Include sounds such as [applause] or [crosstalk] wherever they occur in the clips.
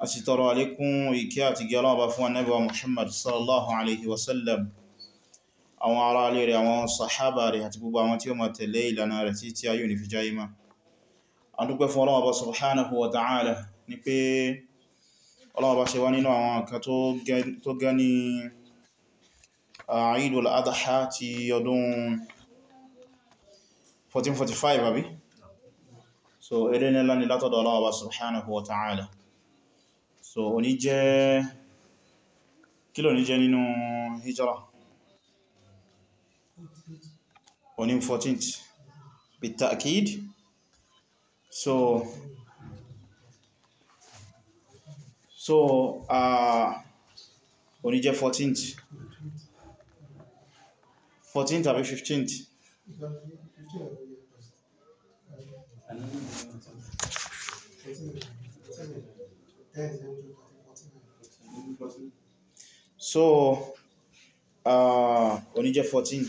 a sì tọrọ alékún ìkẹ́ àti gẹ́ ọlọ́ọ̀bá fún ànábì wa Muhammad sallallahu alaihi wasallam àwọn ará alẹ́ rẹ̀ àwọn sàhábà rẹ̀ àti gbogbo àwọn tí ó máa tẹ̀lé ìlànà rẹ̀ tí tí ayò ní fi já imá a dúpẹ́ fún ọlọ́ọ̀bá subhanahu wa ta'ala so òní jẹ́ kí ló ní jẹ́ nínú hijra òní 14th bitakid so so òní jẹ́ 14th 14th àbí 15th Thank you so uh, oníjẹ́ 14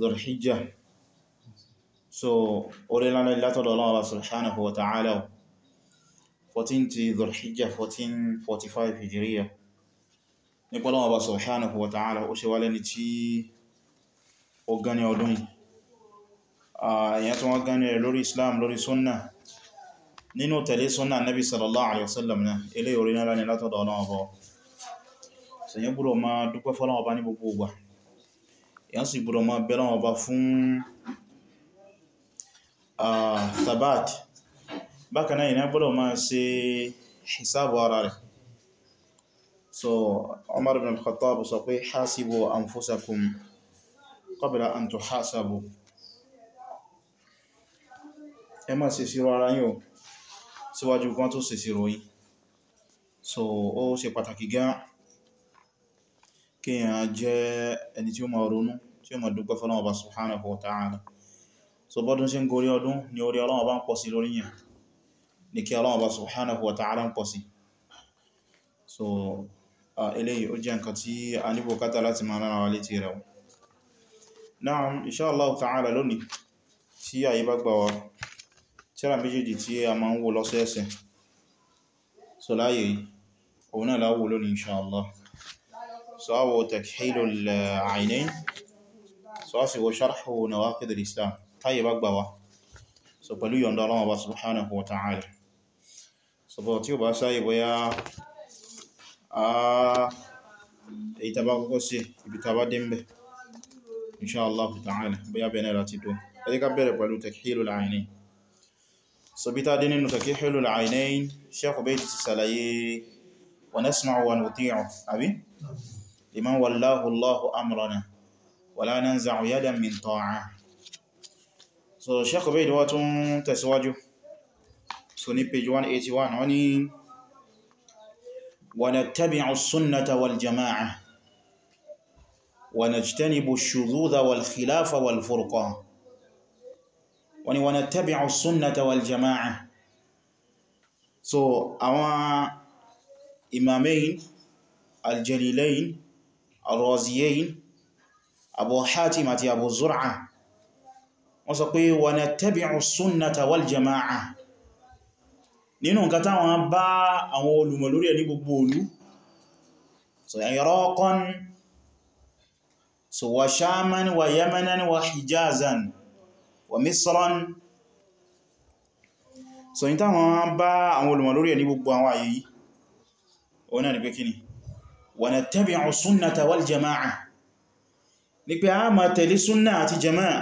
lọ́rọ̀híjá so orí lánà látọ̀dọ̀ Allah subhanahu wa ta'ala 14 ti lọ́rọ̀híjá 1445 hijiriya nípa Allah subhanahu wa ta'ala ó ṣe wá lẹ́ni tí ó gani ọdún yìí uh, èyàn tó wọ́n gani rẹ̀ lórí Islam lórí sunna nínú tẹ̀lé sunna nabi sallallahu alaihi wasallam náà ilé orí náà látọ̀dọ̀ Allah sẹ̀yìn gbọ́dọ̀ máa dúpẹ́ fọ́lọ́run ọba ní gbogbo ìgbà èyàn sì gbọ́dọ̀ máa bẹ Ọlọ́run ọba fún thabat bákan náà èyàn gbọ́dọ̀ máa ṣe hisabu ara rẹ̀ so Umar ibn al-Khattab sọ pé hasibu anfusakum qabla an tuhasabu ẹ má ṣe ṣírò ara yín o síwájú kan tó ṣe ṣírò yín so ó ṣe pàtàkì gan-an kí èyàn jẹ́ ẹni tí ó máa ronú tí ó máa dúpẹ́ fọ́lọ́run Ọba subhanahu wa ta'ala so bọ́dún ṣe ń gorí ọdún ni orí Ọlọ́run Ọba ń pọ̀ sí lórí yàn ní kí Ọlọ́run Ọba subhanahu wa ta'ala ń pọ̀ sí so eléyìí ó jẹ́ nǹkan tí a ní bùkátà láti máa rán wa létí rẹ̀ Allah صواب تكحيل العينين صافي وشرح نواقض الإسلام طيب أكبر سبلو يندى الله سبحانه وتعالى سبلتي وباساي بيا ìtàbákọ́kọ́ sí ibi tàbá dínbẹ̀ inṣáàlláhù ta'ala bóyá bẹ̀rẹ̀ láti tó ẹ̀díká bẹ̀rẹ̀ pẹ̀lú takhilul aynayn sọ̀bítà dín nínú takhilul aynayn Shaykh Ubayd ti sàlàyé wa nasma'u wa nuti'u àbí لمن ولاه الله أمرنا ولا ننزع يدا من طاعة so Shaykh Ubayd wá tún tẹ̀síwájú so ní page 181 wọ́n ní wa nattabi'u sunnata wal jama'a wa najtanibu ash-shududha wal khilafa wal furqa wọ́n ní wa nattabi'u sunnata wal jama'a so àwọn imamain al-jalilain الرازيين أبو حاتم أبو زرعة وسقي ونتبع السنة والجماعة nínú nǹkan táwọn bá àwọn olùmọ̀ lórí ẹni gbogbo olú so Iraqan so wa Shaman wa Yamanan wa Hijazan wa Misran so ní táwọn bá àwọn olùmọ̀ lórí ẹni gbogbo àwọn àyè yìí náà ni pé kíni wa nattabi'u sunnata wal jama'a ní pé a máa tẹ̀lé súnnà àti jama'a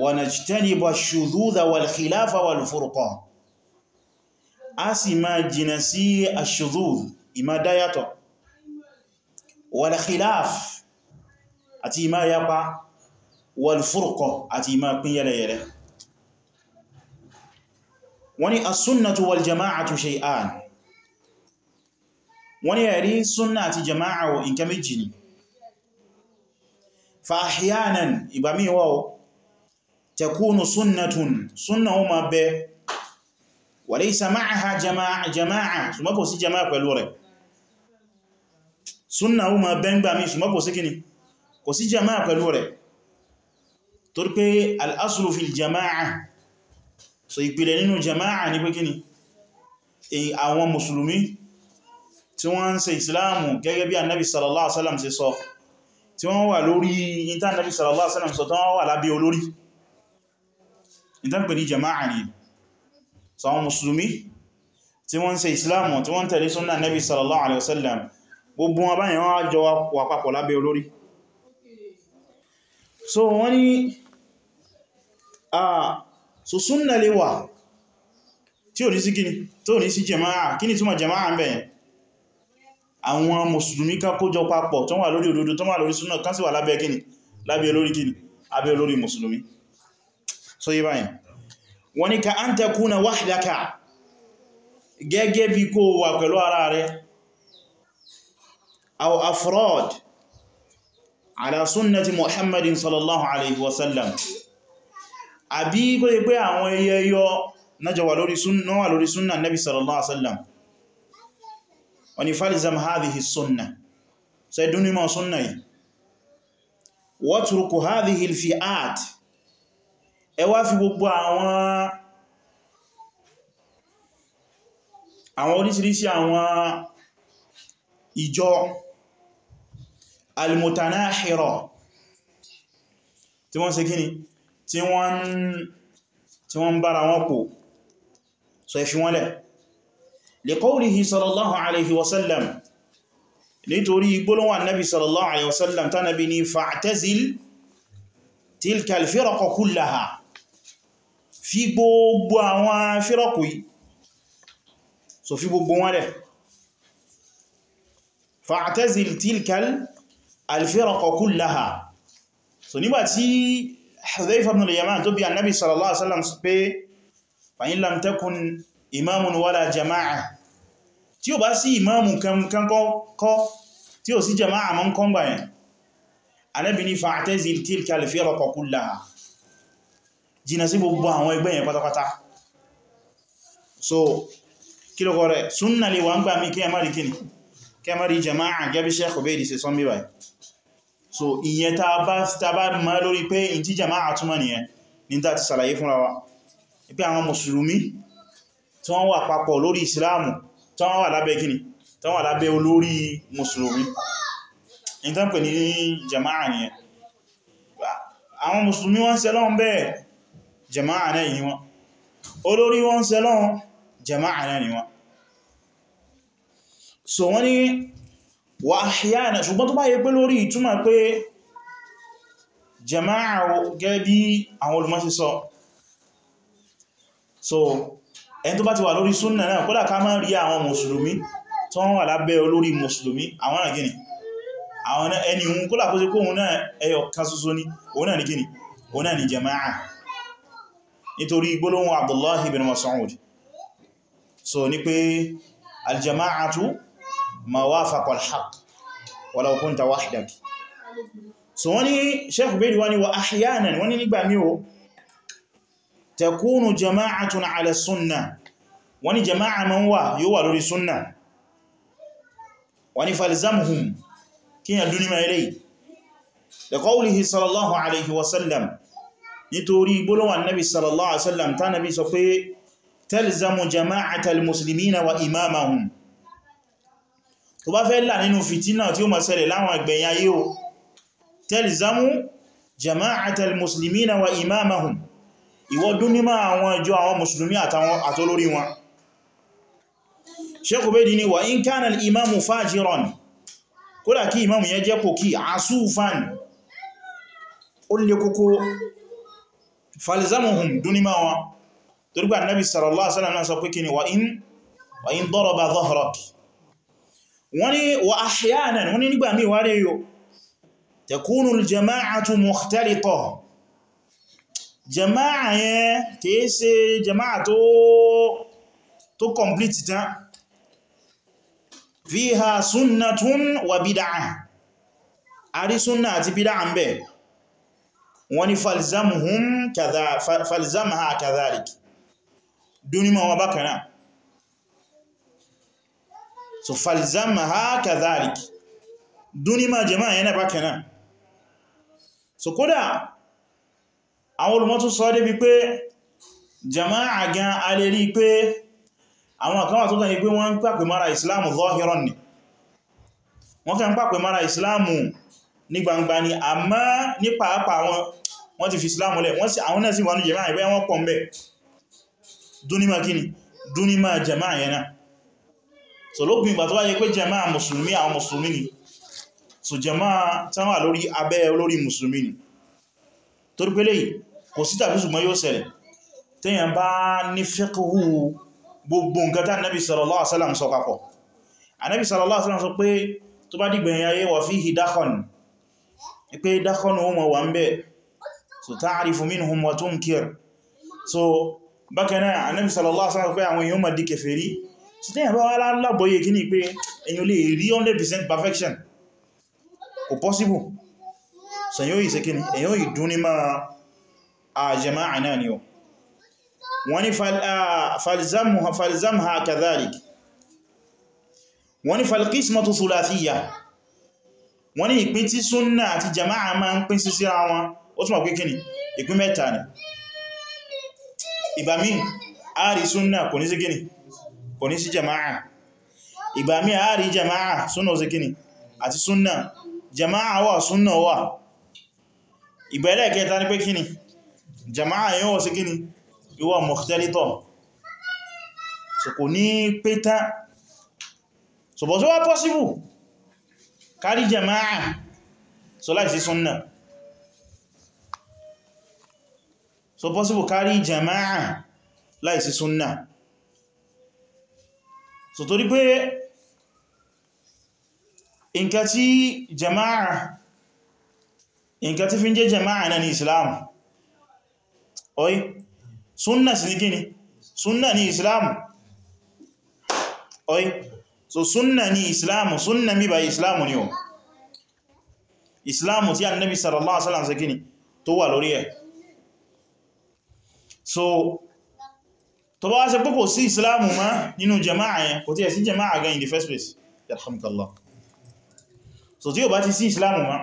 wa najtanibu ash-shududha wal khilafa wal furqa a sì máa jìnà sí ash-shudhudh ìmá dáyàtọ̀ wal khilaf àti ìmá yapa wal furqa àti ìmá pín yẹlẹyẹlẹ wọ́n ni as-sunnatu wal jama'atu shay'an wọ́n ní ẹ̀rí súnnà àti jama'a wọ nǹkan méjì ni fàáhíyánàn ìgbàmíwọ́ tẹkúnù súnnàtún súnnà ó ma bẹ wa laysa ma'aha jama'a ṣùgbọ́n kò sí jama'a pẹ̀lú rẹ̀ súnnà ó ma bẹ ń gbàmí ṣùgbọ́n kò sí kíni kò sí jama'a pẹ̀lú rẹ̀ torí pé al'aslu fil jama'a so ìpìlẹ̀ nínú jama'a ní pé kíni àwọn mùsùlùmí tí wọ́n ń ṣe ìsìláàmù gẹ́gẹ́ bí annabi sallallahu alaihi wasallam ṣe sọ tí wọ́n wà lórí ìta annabi sallallahu alaihi wasallam sọ tán wà lábẹ́ olórí ìta pè ní jama'a ni sọ àwọn musulmi tí wọ́n ń ìsìláàmù tí wọ́n tẹ̀lé súnnà annabi sallallahu alaihi wasallam gbogbo wọn báyìí wọ́n jọ wà ni a jama'a kí ni jama'a ń bẹ̀yẹn àwọn mùsùlùmí kan kójọ papọ̀ tó wà lórí òdodo tó wà lórí súnà kan sì wà lábẹ́ kíni lábẹ́ olórí kíni abẹ́ olórí mùsùlùmí so yí báyìí wọ́n ni ka an takuna wahdaka gẹ́gẹ́ bí kó wà pẹ̀lú ara rẹ̀ aw afrod ala sunnati muhammadin sallallahu alaihi wasallam àbí kó yí pé àwọn ẹyẹyọ nájọ wà lórí súnà nabi sallallahu alaihi wasallam wọ́n ni falizam hadhihi sunna sai dunima sunna yìí wọ́tùrùkù hadhihi al-fi'at ẹ wá fi gbogbo àwọn àwọn oríṣiríṣi àwọn ìjọ al-mutanahira tí wọ́n ṣe kíni tí wọ́n ń bára wọn pọ̀ so ẹ wọ́n lẹ̀ liqawlihi sallallahu alaihi wasallam nítorí gbólówà nabi sallallahu alaihi wasallam ta nabi ni fa'tazil tilka alfirqa kullaha fi gbogbo àwọn fírọ̀kù yìí so fi gbogbo wọn rẹ̀ fa'tazil tilka alfirqa kullaha so nígbàtí Hudhayfa ibn al-Yaman tó bí annabi sallallahu alaihi wasallam pé fa in imamun wala jama'a tí ó bá sí ìmáàmù kankọ́ tí ó sí jama'a mọ́ kọ́ngbà yẹn Ànábì ní fa'tazil tilka al-firqa kullaha jìnà sí gbogbo àwọn ẹgbẹ́ yẹn pátápátá so kílọ̀kọ́ rẹ̀ súnnà lè wà ń gbà mí kí ẹmà rí kíni kí ẹmà rí jama'a gẹ́bí Sheikh so ìyẹn ta bá ta bá ma lórí pé in ti jama'a túnmọ̀ nìyẹn ní ta ti sàlàyé fúnra wa pé tí wọ́n wà papọ̀ lórí ìsìláàmù tó wọ́n wà lábẹ́ kíni tó wọ́n wà lábẹ́ olórí mùsùlùmí ní tó pè ní jama'a ni, àwọn musulmi wọ́n sẹ́lọ́n bẹ́ẹ̀ jama'a náà ni wọ́n olórí wọ́n sẹ́lọ́n jama'a náà ni wọ́n so wọ́n ni wà àṣíyànà ṣùgbọ́n tó bá yẹ pé lórí ìtumà pé jama'a gẹ́gẹ́ bí àwọn olùmọ́sí so ẹni tó bá ti wà lórí súnnà náà kódà ká máa rí àwọn mùsùlùmí tó wọ́n wà lábẹ́ olórí mùsùlùmí àwọn náà gini àwọn ẹni ohun kódà kó sí kó òun náà ẹyọ kan ṣoṣo ní òun náà ní gini òun náà ní jama'a nítorí gbólóhùn Abdullahi bin Mas'ud so ní pé aljama'atu ma wafaqa al-haqq walau kunta wahdak so wani sheikh bedi wani wa ahyanan wani nígbà mí o tẹ̀kúnù jama'atun ala sunna wani jama'a ma ń wà yóò wà lórí sunna wani falzamhum kíyàn dúnímà ilé da qawlihi sallallahu alaihi wasallam nítorí gbólówà nabi sallallahu alaihi wasallam ta nabi sọ pé tẹ́lzamu jama'atal muslimina wa imamahum tó bá fẹ́ là nínú fìtínà tí ó máa ṣẹlẹ̀ láwọn àgbẹ̀yà yíò tẹ́lzamu jama'atal muslimina wa imamahum ìwọ́dún nímọ̀ àwọn ìjọ àwọn mùsùlùmí àtolórí wọn Sheikh Ubaydi ni wà in kana al-imamu fajiran kódà kí imamu yẹn jẹ́ pòkí asúfàn ó lè kókó falzamuhum dúnímà wọn torípa nabi sallallahu alaihi wasallam sọ pé kí ni wà in daraba dhahrak wọ́n ni wà ahyanan jẹmáà yẹn kìí ṣe jẹmáà tó tó complete tán fiha sunnatun wa bid'ah a rí súnnà àti bid'ah ń bẹ wọ́n ni falzamuhum falzamaha kadhalik dúnímọ̀ wọn bákanáà so falzamaha kadhalik dúnímọ̀ jẹmáà yẹn bákanáà so kódà àwọn olùmọ̀ tún sọ débi pé jama'a gan alérí pé àwọn àkọwà tó tàbí pé wọ́n ń pàpè mara islamu zahiran ni wọ́n kàn ń pàpè mara islamu ní gbangba ni àmá ní pàápàá wọn wọ́n ti fi islamu lẹ̀ wọ́n sì àwọn náà sì wà jama'a ìbẹ́ wọ́n pọ̀ mẹ́ dúnímà kíni jama'a yẹn náà so lópin ìgbà jama'a mùsùlùmí àwọn mùsùlùmí so jama'a tán wà lórí abẹ́ olórí torí pé léyìí kò sí tàbí ṣùgbọ́n yóò ṣẹlẹ̀ téèyàn bá ní fẹ́kọ̀ọ́ gbogbo nǹkan tá Ànábì sallallahu alaihi wasallam sọ papọ̀ Ànábì sallallahu alaihi wasallam sọ pé tó bá dìgbẹ̀yìn ayé wà fihi dákọ̀n pé dákọ̀n so ta'rifu minhum wa tunkir so bákanáà Ànábì sallallahu alaihi wasallam pé àwọn èèyàn mọ̀ di kèfèrí so téèyàn bá wá lábọ̀yẹ kí ni pé èèyàn lè rí 100% perfection kò possible sẹ̀yìn òyìn sẹ́kìní èyàn òyìn dún ní máa àjẹmá àná ni ọ wọ́n ni falzamha kadhalik wọ́n ni falqismatu thulathiyya wọ́n ni ìpín tí súnnà àti jama'a ma ń pín sí síra wọn ó túnmọ̀ pé kíni ìpín mẹ́ta ni ìgbàmí àárí súnnà kò ní sí kíni kò ní sí jama'a ìgbàmí àárí jama'a súnnà ó sí kíni àti súnnà jama'a wà súnnà wà ìbẹ̀rẹ̀ kẹta ní pé kíni jama'a yóò sí kíni ìwọ mọ̀kítẹ́lítọ̀ so kò ní pé tán so bọ̀ tó wá pọ́síbù kárí jama'a so láì sí súnnà so pọ́síbù kárí jama'a láì sí súnnà so torí pé nǹkan tí jama'a nkan tí fi ń jẹ́ jama'a na ní islam oi sunna sí ní kíni sunna ní islam oi so sunna ní islam sunna mi bá islam ni o islam tí annabi sallallahu alaihi wasallam ṣe kíni tó wà lórí ẹ̀ so tó bá ṣe pọ́kò sí islam ma nínú jama'a yẹn kò tí ẹ̀ sí jama'a gan in the first place yarhamukallah so tí ó bá ti sí islam ma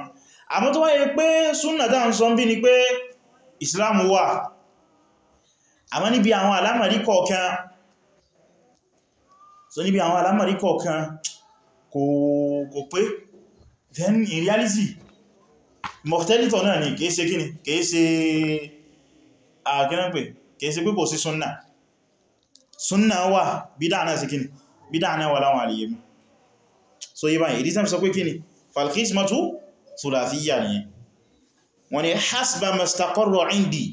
àmọ́ tó wáyé pé súnà tá ń sọ bí ni pé islam wà àmọ́ níbi àwọn alámàrí kọ̀ọ̀kan so níbi àwọn alámàrí kọ̀ọ̀kan kò pé then in reality mọ̀tẹ́lítọ̀ náà ni kìí ṣe kíni kìí ṣe àgẹ́rẹ́pẹ̀ kìí ṣe pé kò sí súnà súnà wà bídá náà sí kíni bídá náà wà láwọn àríyẹ̀mí so yíba ìdí sẹ́m sọ pé kíni falkismatu sùlàfíyà ni wọ́n ni hasba mastaqarra indi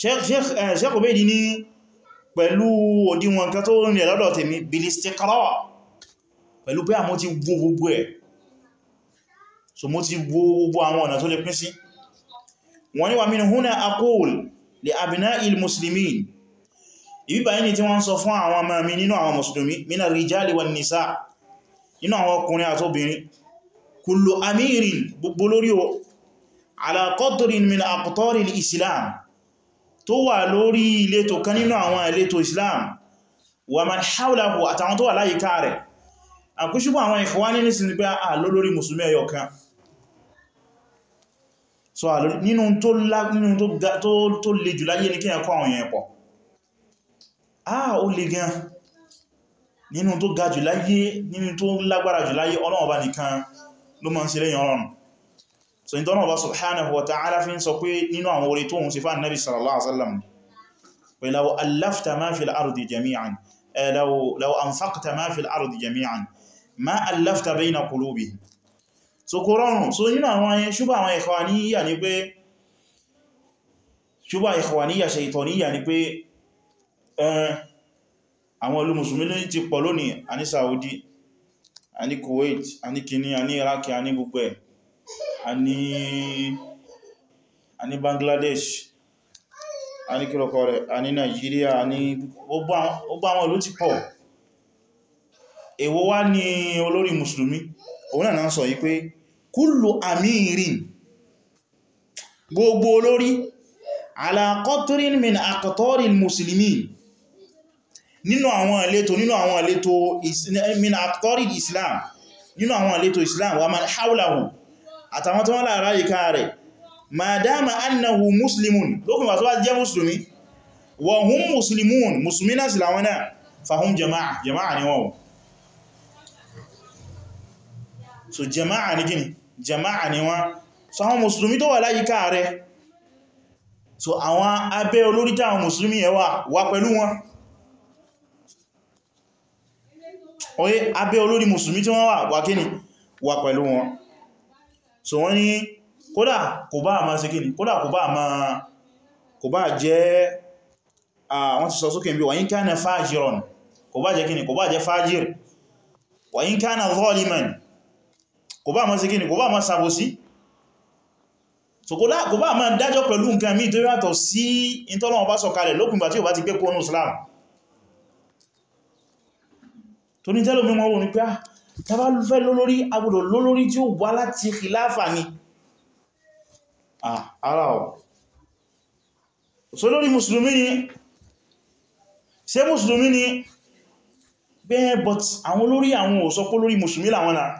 Sheikh Obedi eh, ní pẹ̀lú òdíwọn kan tó rìn lọ́dọ̀ tèmi bilistikara pẹ̀lú pé àmọ́ ti wo gbogbo ẹ̀ so mo ti wo gbogbo àwọn ọ̀nà tó lè pín sí wọ́n ni wà min huna aqul li abna'il muslimin ìbíbà yìí ni tí wọ́n ń kullu amirin gbogbo lórí o ala qadrin min aqtar al-islam tó wà lórí ìletò kan nínú àwọn ìletò islam wa man hawlahu àtàwọn tó wà láyìíká rẹ̀ àkúṣùgbọ́ àwọn ikhwani nísìn pé à musulmi nínú tó ga jù láyé nínú tó lágbára jù láyé Ọlọ́run nìkan ló máa ń ṣe lẹ́yìn ọ̀run so in tọ́nà ọba subhanahu wa ta'ala fi ń sọ pé nínú àwọn orí tóhun sí fáà nabi sallallahu alaihi wasallam pẹ̀láwọ̀ allafta ma fi al'ardi jami'an eh, law anfaqta ma fi al'ardi jami'an ma allafta bayna qulubi so kò rọrùn so nínú àwọn ayẹ ṣúgbà àwọn ikhwaniyya ni pé eh, ti pọ̀ lónìí a ní Saudi a ní Kuwait a ní kíní a ní Iraq a ní gbogbo ẹ̀ a ní Bangladesh a ní kílọ̀kọ̀ rẹ̀ a ní Nigeria a ní gbogbo àwọn ìlú ti pọ̀ èwo wá ní olórí mùsùlùmí òun náà sọ yí pé kúlù àmìrin gbogbo olórí ala qatrin min aqtaril muslimin nínú àwọn ìletò nínú àwọn ìletò min aqtarid islam nínú àwọn ìletò islam wa man hawlahu àtàwọn tó wọ́n láàrá ìká rẹ̀ ma dáma annahu muslimun lókùn wà tó wá jẹ́ musulmi wa hum musulmi náà sì láwọn náà fahum jama'a jama'a ni wọ́n so jama'a ni gini jama'a ni wọ́n so àwọn musulmi tó wà láyíká rẹ̀ so àwọn abẹ́ olórí táwọn musulmi yẹn wà wà pẹ̀lú wọn oye abẹ́ olórí mùsùlùmí tí wọ́n wà wà kíni wà pẹ̀lú wọn so wọ́n ní kódà kò bá àmà sí kíni kódà kò bá àmà kò bá jẹ́ àwọn ti sọ sókè bí wàyín kánà fájírọ̀n kò bá jẹ́ kíni kò bá jẹ́ fájír wàyín kánà zọ́límẹ̀n kò bá àmà sí kíni kò bá àmà sàbòsí so kódà kò bá àmà dájọ́ pẹ̀lú nǹkan mí tó yàtọ̀ sí ìtọ́lọ́wọ́ bá tó ní tẹ́lò mímọ̀ wọ́n ni pé ah tàbá fẹ́ lólórí agbọ́dọ̀ lólórí tí ó wá láti kìláàfà ni ah, ara ọ̀ so lórí mùsùlùmí ni ṣe mùsùlùmí ni bẹ́ẹ̀ but àwọn olórí àwọn ò sọ pé olórí mùsùlùmí làwọn náà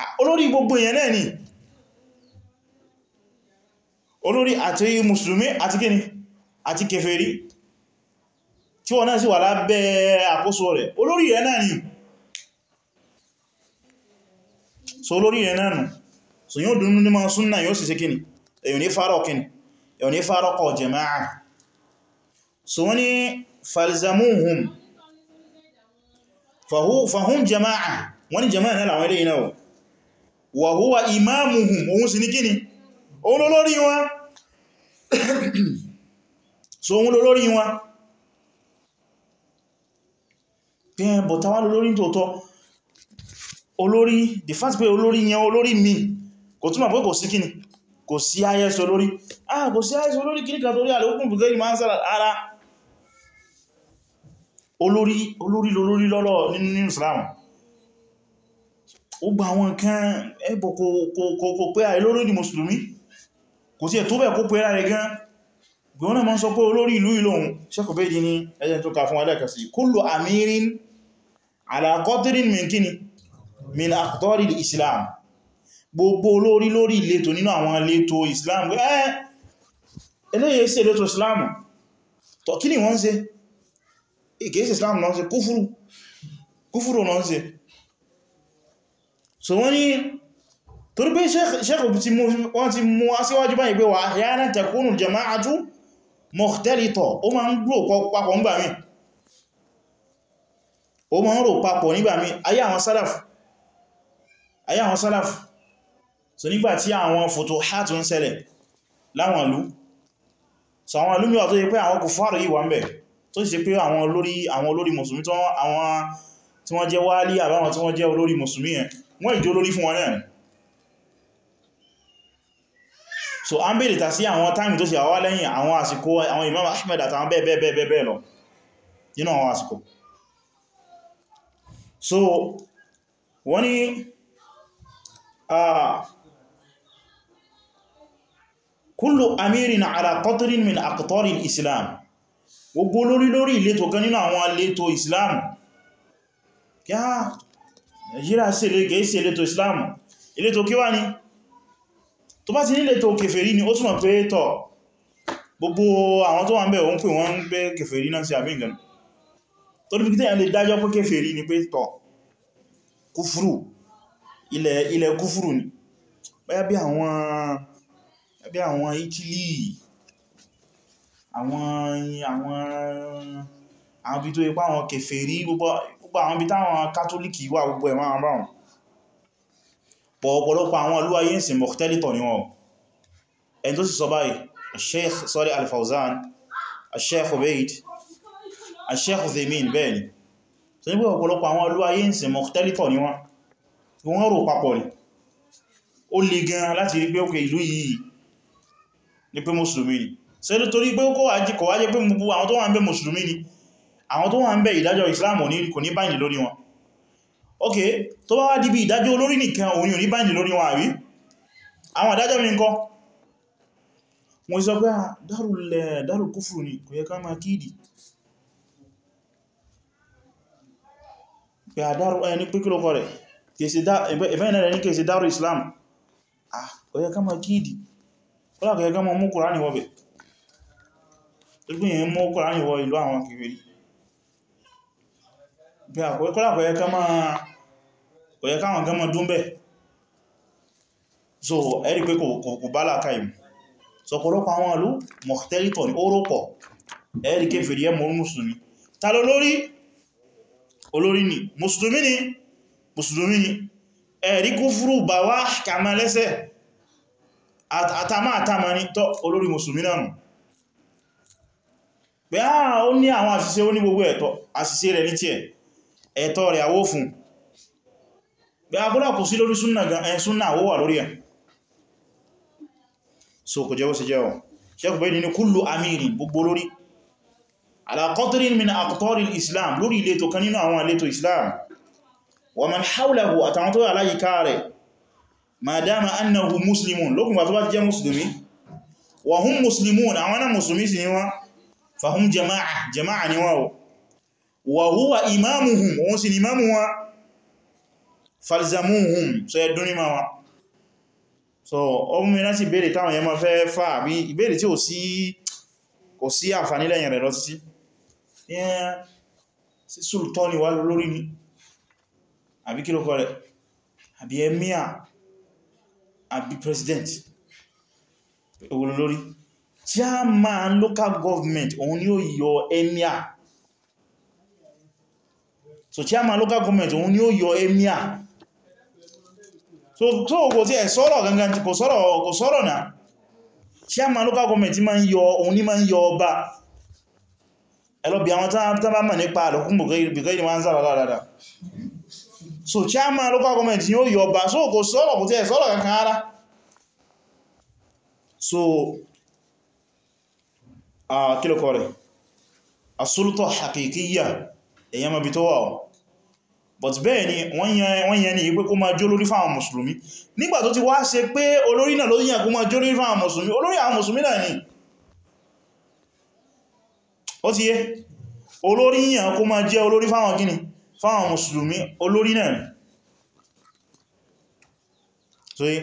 ah, olórí gbogbo èèyàn náà ni olórí àti mùsùlùmí àti kíni tí wọ́n náà sì wà lábẹ́ àkóso rẹ̀ olórí rẹ̀ náà ni so olórí rẹ̀ náà nù so yóò dúnmú ní máa súnnà yóò sì sí kíni èyàn ní fárọ̀ kíni èyàn ní fárọ̀ kọ jama'a so wọ́n ni falzamuhum fahum jama'a wọ́n ni jama'a náà làwọn ilé iná wọn [coughs] so ohun wọn pín bọ̀ tàwà lórí tòótọ́ olórí the fact pé olórí yẹn olórí mi kò túnmọ̀ pé kò sí kíni kò sí ayẹ́sọ lórí ah kò sí ayẹ́sọ lórí kíríkà torí àlókùn bùgẹ́rì máa ń sára ara olórí olórí lórí lọ́lọ́ nínú Islam ó gba àwọn nǹkan ẹbọ̀ kò pé àì lórí ní mùsùlùmí kò sí ẹ̀tọ́ bẹ̀ kó pé rárẹ̀ gan gbọ́nà máa ń sọ pé olórí ìlú ìlòun sẹ́kọ̀bẹ́ ìdí ní ẹjẹ́ tó ka fún alẹ́kàsí kullu amirin ala qadrin min kíni min aqdari islam gbogbo olórí lórí ìletò nínú àwọn ìletò islam ẹ́ eléyìí ṣe ìletò islam tọ̀ kí ni wọ́n ṣe ìkéèsì islam náà ṣe kúfúrù kúfúrù náà ṣe so wọ́n ni torí pé ṣẹ́kù ti mú wọ́n ti mú aṣíwájú báyìí pé wà yánà takunu jama'atu mukhtalita ó ma ń gbò papọ̀ ń gbà mìí o mọ́ ń rò papọ̀ nígbà mí ayé àwọn sálàfù ayé àwọn sálàfù so nígbà tí àwọn futuhat ń ṣẹlẹ̀ láwọn ìlú so àwọn ìlú mìíràn tó yẹ pé àwọn kùfárù yìí wà ń bẹ̀ tó sì pé àwọn olórí àwọn olórí mùsùlùmí tó àwọn tí wọ́n jẹ́ wálí àbáwọn tí wọ́n jẹ́ olórí mùsùlùmí yẹn wọ́n ìjó olórí fún wọn náà ni so a ń bèèrè tà sí àwọn táìmì tó sì àwọ́ lẹ́yìn àwọn àsìkò Imam Ahmed àtàwọn bẹ́ẹ̀ bẹ́ẹ̀ bẹ́ẹ̀ lọ nínú àwọn àsìkò so wọ́n ni kullu amirin ala qatrin min aqtari islam gbogbo lórí lórí ìletò kan nínú àwọn ìletò islam kí á Nàìjíríà sí ilé gẹ̀ẹ́sì ìletò islam ìletò kí wá ní tó bá ti ní ìletò kèfèrí ni ó túnmọ̀ pé tọ̀ gbogbo àwọn tó wà ń bẹ̀ òun pè wọ́n ń bẹ́ kèfèrí náà sí àbí ìgbẹ̀mù torí bí tẹ́yàn lè dájọ́ pé kèfèrí ni pé tọ̀ kúfúrù ilẹ̀ ilẹ̀ kúfúrù ni bóyá bí àwọn bí àwọn Italy àwọn àwọn àwọn ibi tó ipá àwọn kèfèrí gbogbo àwọn ibi táwọn kátólíkì wà gbogbo ẹ̀wọ̀n àwọn báwọn pọ̀ ọ̀pọ̀lọpọ̀ àwọn olúwa yìí sí mọ̀kútẹ́lítọ̀ ni wọn ẹni tó sì sọ báyìí Sheikh sorry Al Fawzan Sheikh Obeid Sheikh Uthaymeen bẹ́ẹ̀ ni so nígbà ọ̀pọ̀lọpọ̀ àwọn olúwayé ń sin mọ̀tẹ́lítọ̀ ni wọ́n wọ́n rò papọ̀ ni ó le gan láti rí pé òkè ìlú yìí ní pé mùsùlùmí ni so ní torí pé kó wájí kọ̀ wájí pé gbogbo àwọn tó wà ń bẹ mùsùlùmí ni àwọn tó wà ń bẹ ìdájọ́ Islam kò ní ok tó bá wá di bí ìdájọ́ olórí nìkan òun ò ní báyìí lórí wọn àrí àwọn ìdájọ́ mi nǹkan wọ́n sọ pé dárùlẹ̀ ah, dárùkúfù eh, ni kò yẹ ká máa kíìdì pé àdárò ẹni eh, pínkí lókọ rẹ̀ ìfẹ́ẹ̀nà rẹ̀ ní kèsì dárò islam kò ah, yẹ ká máa kíìdì kọ́lá kò yẹ ká máa mú kùránì wọ́bẹ̀ ìgbìyàn mú kùránì wọ ìlú àwọn kèfèrí kọ́lá kò yẹ ká máa gánmà dúnbẹ̀ so ẹ̀rí pé kò bá láàkàí mú sọ̀pọ̀lọpọ̀ àwọn ìlú mọ̀tẹ́lítọ̀ ní ó rọ́pọ̀ ẹ̀rí kéfèrí ẹmọ mùsùlùmí ta ló lórí olórí ni mùsùlùmí ni mùsùlùmí ni ẹ̀rí kúfúrú bà wá kàmà lẹ́sẹ̀ àtàmà àtàmà ní tọ́ olórí mùsùlùmí náà pé á ó ní àwọn àṣìṣe ó ní gbogbo ẹ̀tọ́ àṣìṣe rẹ̀ ní tí ẹ̀ ẹ̀tọ́ rẹ̀ àwó fún pé agbọ́dà kò sí lórí súnnà àwó wà so kò jẹ́ bó ṣe jẹ́ ọ̀ ṣẹ́kù bẹ́ lórí ala qadrin min aqtar al-islam lórí ilé tó kan nínú àwọn àlétò islam wa man hawlahu àtàwọn tó aláyíká rẹ̀ ma dáma annahu muslimun lókùn bá tó bá jẹ́ musulmi wa hum muslimun àwọn náà musulmi sí ni wọ́n fa hum jama'a jama'a ni wọ́n so yẹ dúnni ma wọn so ọmọ mi láti ìbéèrè táwọn yẹn ma fẹ́ fà bí sí sultani wà lórí ni àbí kí lókọ rẹ̀ àbí emir àbí president ewòrán lórí chairman local government òun ni ó yọ emir so chairman local government òun ni ó yọ emir so kò tí ẹ̀ sọ́rọ̀ gangan kò sọ́rọ̀ náà chairman local government ma ń yọ òun ni ma ń yọ ọba ẹlọ́bí àwọn tán bá mọ̀ nípa àlọ́kún bìkọ́ ìdí wọ́n ń sára dáadáa so chairman local government yóò yọba so kò sọ́rọ̀ kò tí ẹ̀ sọ́rọ̀ kankan ara so kílùkọ́ rẹ̀ asúlùtọ̀ hakikiyya èyàn mọ̀bí tó wà ọ̀ but bẹ́ẹ̀ ni wọ́n yẹn ni pé kó máa jó lórí fáwọn mùsùlùmí nígbà tó ti wá ṣe pé olórí náà ló yàn kó máa jó lórí fáwọn mùsùlùmí olórí àwọn mùsùlùmí náà ni ó ti yé olórí yàn kó máa jẹ́ olórí fáwọn gíní fáwọn mùsùlùmí olórí náà so yé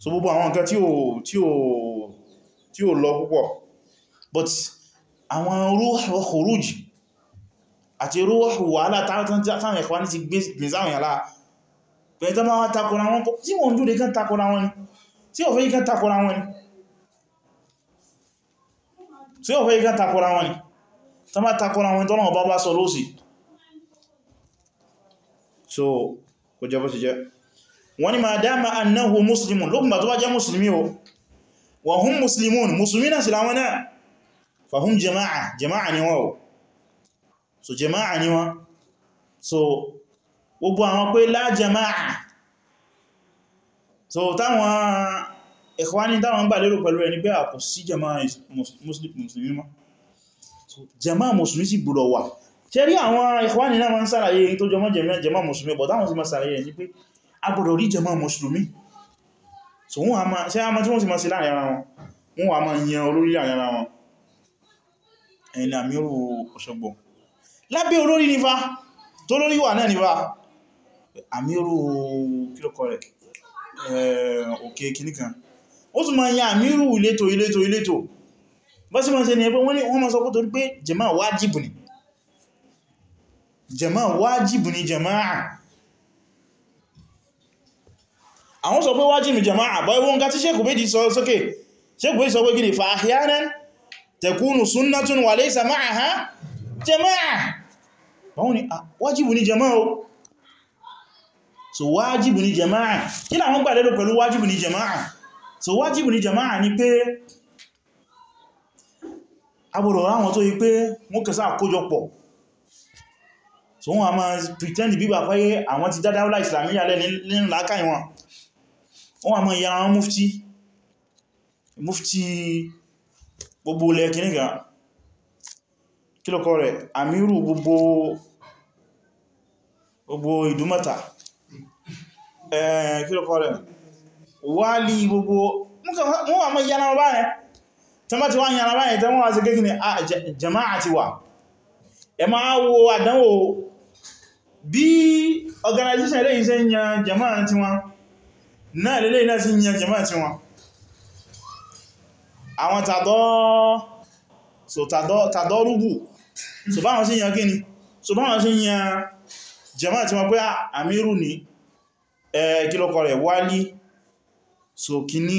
so gbogbo àwọn nǹkan tí ò tí ò tí ò lọ púpọ̀ but àwọn rúwà kòrújì àti rúwà wàhálà táwọn ẹ̀kọ́ ní ti gbé sáwọn yàlá pẹ̀lú tó máa wá takọra wọn tí wọ́n dúdé kán takọra wọn ni tí ọ̀fẹ́ yìí tó má takọ́ra wọn tọ́nà ọba bá sọ lóòsì so kò jẹ́ bó ti jẹ́ wọ́n ni ma dáma annahu muslimun lókùnbà tó bá jẹ́ musulmi o wa hum muslimun musulmi náà síláwọn náà fa hum jama'a jama'a ni wọ́n o so jama'a ni wọ́n so gbogbo àwọn pé lá jama'a so táwọn ikhwani táwọn gbà lérò pẹ̀lú ẹni bẹ́ àpọ̀ sí jama'a musulmi mọ́ jẹmá mùsùlùmí sì gbọ́dọ̀ wà ṣe rí àwọn ìkwáni náà máa ń sàlàyé tó jọmọ́ jẹmá mùsùlùmí bọ̀ táwọn sì máa sàlàyé ní pé a gbọ́dọ̀ rí jẹmá mùsùlùmí so wọ́n a máa ṣe a máa tí wọ́n sì máa sí láàrin ara wọn wọ́n a máa yan olórí láàrin ara wọn ẹ̀yìn àmírù Òṣogbo lábẹ́ olórí nífà tó lórí wà náà nífà bá sí wọ́n ṣe ní ẹgbẹ́ wọ́n ní wọ́n máa sọ pé torí pé jẹ̀má wájìbù ni jẹ̀má wájìbù ni jẹ̀má àwọn sọ pé wájìbù jẹ̀má àbọ̀ ìwọ̀n ká tí sẹ́kù méjì sọ sókè gini fa ahyanan takunu sunnatun wa laysa ma'aha jẹ̀má báwọn ni ah, wájìbù so wájìbù ni jẹ̀má kí làwọn gbà lérò pẹ̀lú wájìbù ni jẹ̀má so wájìbù ni jẹ̀má ni pé agbọ́dọ̀ ráwọn tó yí pé wọ́n kẹsà àkójọpọ̀ so wọ́n a máa pretend bíbà fáyé àwọn ti dádá ọlá ìsìlàmíyà lẹ́ni láàkà ìwọ̀n wọ́n a máa yà àwọn mufti mufti gbogbo ilẹ̀ kìníkà kílọ̀kọ rẹ̀ àmírù gbogbo gbogbo ìdúmọ̀ta kílọ̀kọ rẹ̀ wálì gbogbo wọ́n a máa yà àwọn bá rẹ̀ tọ́mọ́ ti wá ń yàrá báyìí tọ́mọ́ wá sí gẹ́gì ní jama'a ti wà ẹ máa wo àdánwò bí organization ilé iṣẹ́ ń yan jama'a ti wọn náà lélé náà sí yan jama'a ti wọn àwọn tàdọ́ so tàdọ́ rúgbù so báwọn sí yan kíni so báwọn sí yan jama'a ti wọn pé àmírù ah, ní kílọ̀kọ̀ rẹ̀ wálí so kíní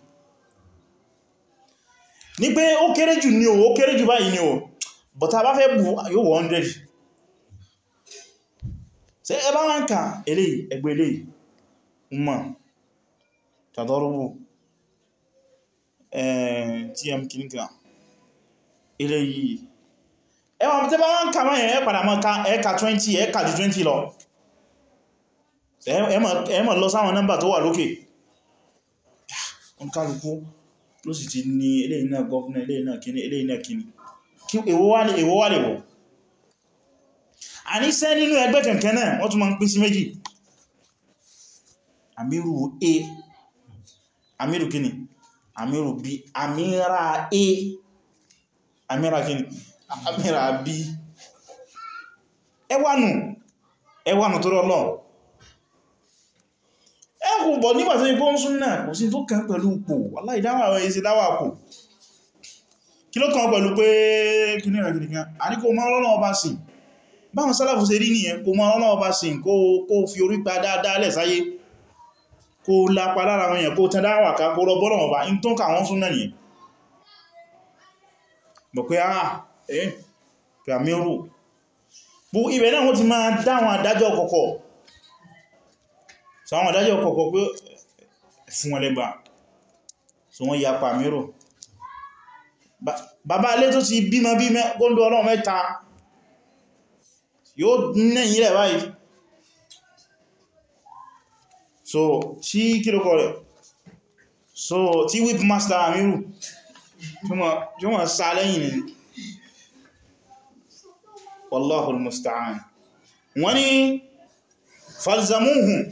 ní pé ó kéré jù ní o ó kéré jù báyìí ní o bọ̀tá bá fẹ́ bù yóò wọ 100 ṣe ẹ bá ń kà eléyìí ẹgbẹ́ eléyìí mọ̀ tàdọ́rùbù eh, tm kìníkà eléyìí ẹwà tẹ́ bá ń kà mọ́yẹn ẹ padà mọ́ ẹ̀ka 20 ẹ̀ka jù 20 lọ ẹ̀mọ̀ lọ sáwọn nọ́mbà tó wà lókè ọ̀nkálùkú ló sì ti ní eléyìí náà gọ́ọ̀nà eléyìí kíní kíní lè a ní sẹ́ nínú ẹgbẹ́ kẹ̀kẹ́ náà wọ́n tún máa ń pín sí méjì a àmírù kíní àmírù b àmírà a àmírà kíní àmírà b tó rọ́ ẹ̀kùn bọ̀ nígbà tó ipò ń sún náà kò sí tó kàn pẹ̀lú pò aláìdáwà àwọn èsì dáwà pò kí ló kàn pẹ̀lú pé kìnnì rẹ̀ kìnnì a ní kò mọ́ ọlọ́nà ọba sìn báwọn sálàfù ṣe rí nìyẹn kò mọ́ ọlọ́nà ọba sìn kó fi orí pa dáadáa lẹ̀ sáyé kó lápa lára àwọn èèyàn kó tẹ́ dáwà ká kó lọ bọ́lọ̀ ọba in tó ń kà wọ́n sún náà nìyẹn mọ̀ pé ah eh pẹ̀lú ibẹ̀ náà wọ́n ti máa dáwọn adájọ́ so àwọn adájọ́ kọ̀kọ́ pé fún ọlẹ́gbà so wọ́n yapa mírò bàbá alé tó ti bímọ bí góndó ọlọ́run mẹ́ta yóò nẹ́yìn rẹ̀ báyìí so tí kírókọ rẹ̀ so tí whip amiru tí wọ́n sá lẹ́yìn ni wallahul musta'an wọ́n ni falzamuhun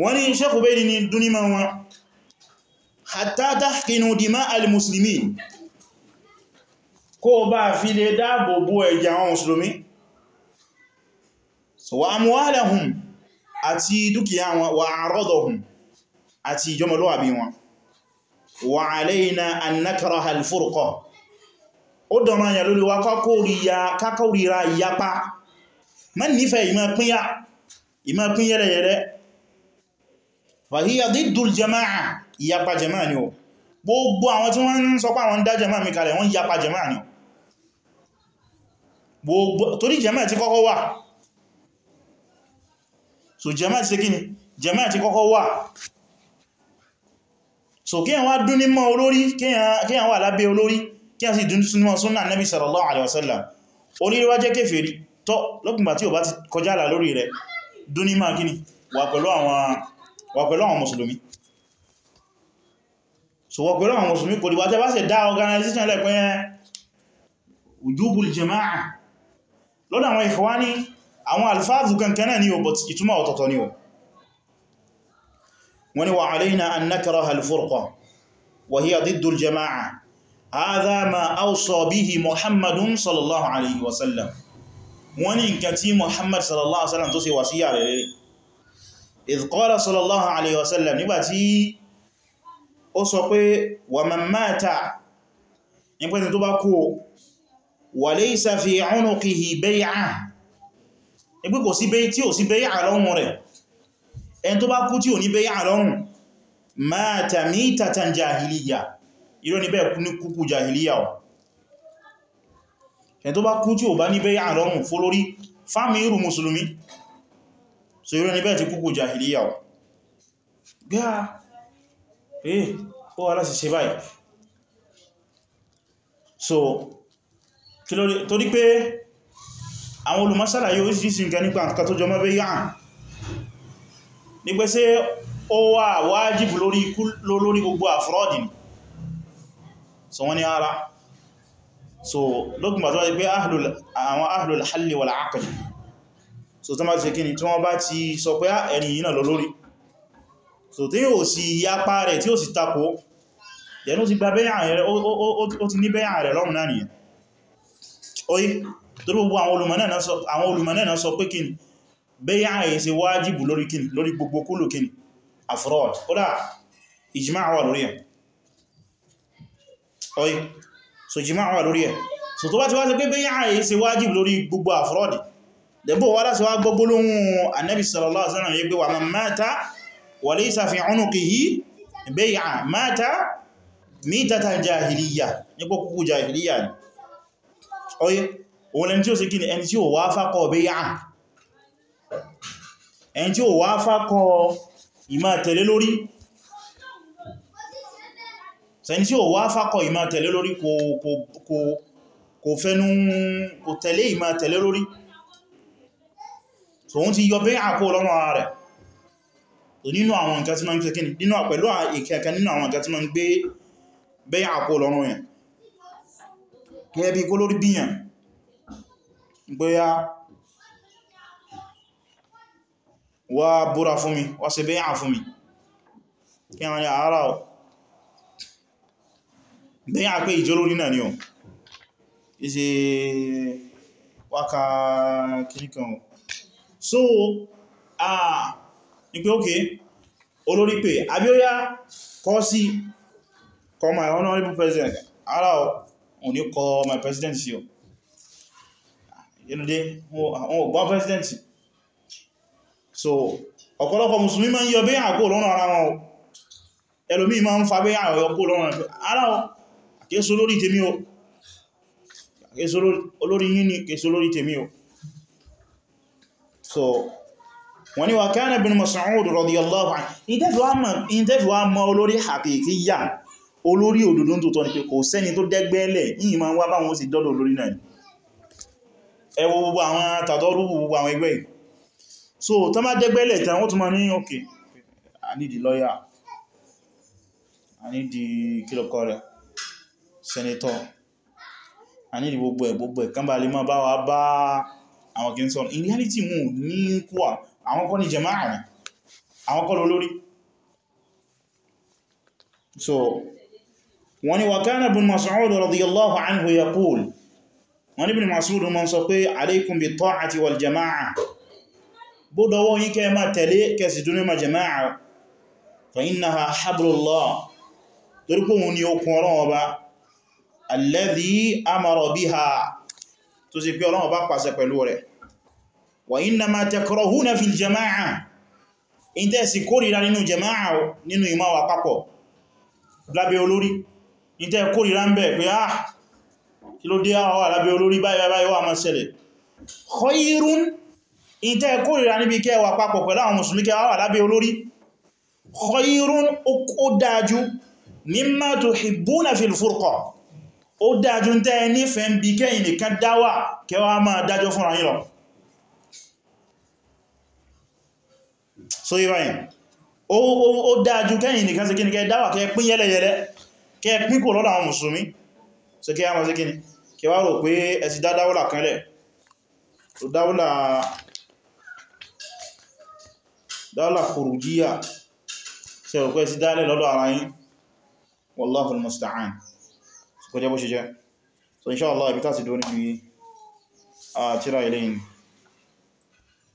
wọ́n ní Sheikh Ubaydi ní dúnímọ̀ wọn hatta tahkinu dimaa al-muslimin kó bá fi lè dáàbò bó ẹ̀jẹ̀ àwọn mùsùlùmí wa amwalahum àti dúkìá wọn wa aradahum àti ìjọmọlúwàbí wọn wa alayna an nakraha al-furqa ó dọ̀nà yà lórí wa kákòrìyà ìyapa ma nífẹ̀ẹ́ ìmọ̀ pínyà fàhíyà dídùl jama'a ìyapa jama'a ni o gbogbo àwọn tí wọ́n ń sọ pé àwọn dá jama'a mi kalẹ̀ wọ́n yapa jama'a ni gbogbo torí jama'a ti kọ́kọ́ wà so jama'a ti kíni jama'a ti kọ́kọ́ wà so kíyàn wá dún ní mọ́ olórí kíyàn wà lábẹ́ olórí kíyàn sì dún ní mọ́ súnnà nabi sallallahu alaihi wasallam olórí wá jẹ́ kéfèrí tọ́ lọ́gbùngbà tí ò bá ti kọjá àlà lórí rẹ̀ dún wà pẹ̀lú àwọn mùsùlùmí so wà pẹ̀lú àwọn mùsùlùmí kò dìbà tẹ́ bá ṣe dá organization lẹ́pẹ́ ujúbul jama'a lọ́dọ̀ àwọn ikhwani àwọn alfáàzù kankan náà ni o but ìtumọ̀ ọ̀tọ̀tọ̀ ni o wọ́n ni wà alayna an nakraha al-furqa wa hiya diddu al-jama'a hadha ma awsa bihi muhammadun sallallahu alayhi wa sallam wọ́n ni nǹkan tí muhammad sallallahu alayhi ìzkọ́lá sallallahu alayhi wa sallam nígbàtí ó sọ pé wa man mata ní pẹ́sẹ̀ tó bá kú wa laysa fi unuqihi bay'ah ní pé kò sí bẹ́ tí ò sí bay'ah lọ́rùn rẹ̀ ẹni tó bá kú tí ò ní bay'ah lọ́rùn mata so irú ẹni bẹ́ẹ̀ ti kúkú jahiliya ọ̀ gbá eh ó wá láti ṣe báyìí so torí pé àwọn olùmọ́sára yóò ṣíṣì nǹkan nípa nǹkan tó jọmọ́ bẹ́ yáà nígbẹ́ sí ó wà wájìbù lórí gbogbo àfúrọ́dì so wọ́n ni ara so lókùnbà tó wáyé pé àwọn ahlul halli wal aqd so tó má ti kíni tí wọ́n bá ti sọ pé ah, ẹni yìí náà lọ lórí so tí yóò sì yapa rẹ̀ tí ó sì tako yẹnú ti gba bẹ́yà rẹ̀ ó ti ní bẹ́yà rẹ̀ lọ́rùn náà nìyẹn oye tó gbogbo àwọn olùmọ̀ náà sọ pé kíni bẹ́yà rẹ̀ ṣe wájìbù lórí kíni lórí gbogbo kúlù kíni afrod kódà ìjìmá wà lórí ẹ̀ oye so ìjìmá lórí ẹ̀ dẹ̀bọ̀ wá láti wá gbogbo lóhun annabi sallallahu alaihi wasallam yígbé wa man mata wa laysa fi unuqihi bay'a mata mítàtà jahiliya nípò kúkú jahiliya ni oye òun ẹni tí ó sì kí ni ẹni tí ó wá fákọ̀ bay'a ẹni tí ìmá tẹ̀lé lórí sẹni tí ó wá fákọ̀ ìmá tẹ̀lé lórí kò fẹ́nu kò tẹ̀lé ìmá tẹ̀lé lórí so wọ́n ti yọ bí àkó lọ́rùn ara rẹ̀ tó nínú àwọn nǹkan tí ma ń gbé kíni nínú pẹ̀lú ìkẹ́ẹ̀kẹ́ nínú àwọn nǹkan tí ma ń gbé bí àkó lọ́rùn yẹn gẹ́gẹ́ bí kó lórí bíyàn gbóyá wá búra fún mi wá ṣe bí fún mi kí wọ́n ni àárá ọ̀ bí àpé ìjọ́ lórí ni ọ̀ ìṣe wákàá kìríkan ọ̀ so ah ìpé òkè olórí pé abíóyá kọ́ sí kọ́ my honorable president ara ò ní kọ́ my president sí o inúdé wọn ò gbọ́ president so ọ̀pọ̀lọpọ̀ musulmi máa ń yọ bẹ́yàn àkó lọ́rùn ara wọn ẹlòmí máa ń fa bẹ́yàn àyọ kó lọ́rùn ara wọn àkéso lórí tèmi o àkéso lórí yín ni késo lórí tèmi o so wọ́n ni wà kana ibn Mas'ud radiyallahu anhu ìtẹ́fì wá mọ́ olórí haqiqiyya olórí òdodo tó tọ́ ní pé kò sẹ́ni tó dẹ́gbẹ́lẹ̀ yìí ma ń wá báwọn ó sì dọ́dọ̀ olórí náà ẹ gbogbo àwọn tàdọ́rùgbò gbogbo àwọn ẹgbẹ́ àwọn kìí sọ̀rọ̀ in reality mú ní kúwà àwọn kọ́ ní jẹmáà rẹ̀ àwọn kọ́ lórí so wọ́n ni wa kana ibn Mas'ud radiyallahu anhu yaqul wọ́n ni ibn Mas'ud ma sọ pé alaykum bi ta'ati wal jama'a bódọ̀ wọ́n yí kẹ́ máa tẹ̀lé kẹsì dúnú ma jama'a fa innaha hablullah torípò wọn ni okun ọlọ́wọ́ ba alladhi amara biha tó sì pé Ọlọ́run bá pàṣẹ pẹ̀lú rẹ̀ wa inna ma takrahuna fil jama'a in tẹ́ sì kórìíra nínú jama'a nínú ìmá wa papọ̀ lábẹ́ olórí in tẹ́ kórìíra ń bẹ̀ pé ah kí ló dé àwọ́ lábẹ́ olórí báyìí báyìí wà máa ṣẹlẹ̀ khairun in tẹ́ kórìíra níbi kẹ́ wà papọ̀ ó dájú ń tẹ́ nífẹ̀ẹ́ ń bí kẹ́yìn nìkan dáwà kẹwàá máa dájọ́ fúnra yín so yíra yìí ó dájú kẹ́yìn nìkan sí kí ní kẹ́ dáwà kẹ́ pín yẹ́lẹ̀yẹ́lẹ́ kẹ́ pín kò lọ́dọ̀ àwọn mùsùlùmí so kẹ́ àmà sí kí ní kẹ́ wá rò pé ẹ̀sì dádáwọ́là kanlẹ̀ so dáwọ́là dáwọ́là kòròjíyà sẹ́wọ̀kọ́ ẹ̀sì dálẹ̀ kó jẹ́ bó ṣe jẹ́ so inṣáàlá ibi tàti dóní bí a tíra ilé yìí